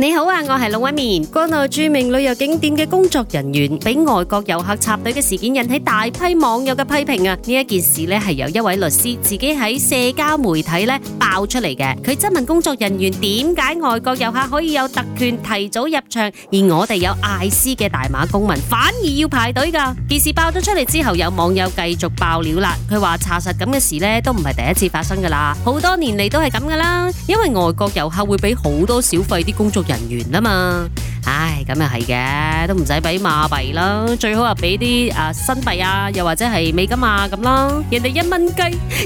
你好啊，我係龍紋敏。國內著名旅遊景點嘅工作人員俾外國遊客插隊嘅事件引起大批網友嘅批評啊！呢一件事呢係由一位律師自己喺社交媒體呢爆出嚟嘅。佢質問工作人員點解外國遊客可以有特權提早入場，而我哋有 IC 嘅大馬公民反而要排隊噶？件事爆咗出嚟之後，有網友繼續爆料啦。佢話查實咁嘅事呢都唔係第一次發生噶啦，好多年嚟都係咁噶啦，因為外國遊客會俾好多小費啲工作。人員啊嘛，唉，咁又係嘅，都唔使俾馬幣啦，最好就俾啲啊新幣啊，又或者係美金啊咁啦。咯人哋一蚊雞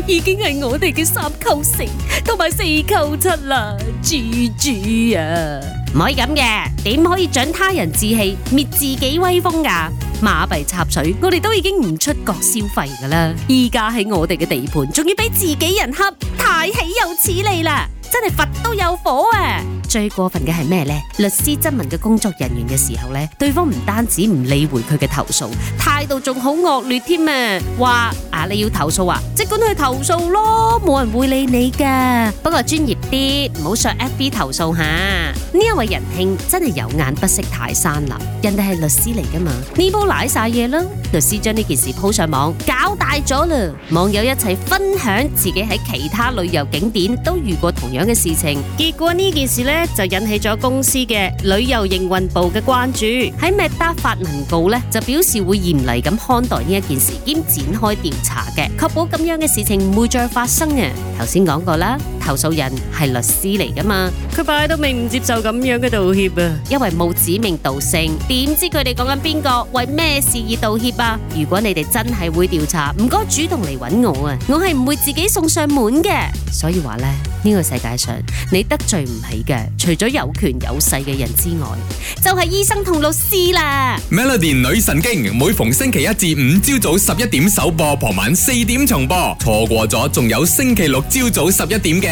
已經係我哋嘅三扣四同埋四扣七啦，豬豬啊！唔可以咁嘅，點可以長他人志氣，滅自己威風噶？馬幣插水，我哋都已經唔出國消費噶啦，而家喺我哋嘅地盤，仲要俾自己人恰，太豈有此理啦！真係佛都有火啊！最過分嘅係咩呢？律師質問嘅工作人員嘅時候呢，對方唔單止唔理會佢嘅投訴，態度仲好惡劣添啊！話，你要投訴啊！即管去投訴咯，冇人會理你噶。不過專業啲，唔好上 FB 投訴下。呢一位仁兄真係有眼不識泰山啦！人哋係律師嚟噶嘛！呢煲瀨晒嘢啦！律師將呢件事鋪上網，搞大咗啦！網友一齊分享自己喺其他旅遊景點都遇過同樣嘅事情，結果呢件事呢就引起咗公司嘅旅遊營運部嘅關注，喺 Meta 發文告咧就表示會嚴厲咁看待呢一件事，兼展開調查。查嘅，確保咁樣嘅事情唔會再發生嘅。頭先講過啦。投訴人係律師嚟噶嘛？佢擺到明唔接受咁樣嘅道歉啊，因為冇指名道姓，點知佢哋講緊邊個為咩事而道歉啊？如果你哋真係會調查，唔該主動嚟揾我啊，我係唔會自己送上門嘅。所以話呢，呢個世界上你得罪唔起嘅，除咗有權有勢嘅人之外，就係醫生同律師啦。Melody 女神經，每逢星期一至五朝早十一點首播，傍晚四點重播，錯過咗仲有星期六朝早十一點嘅。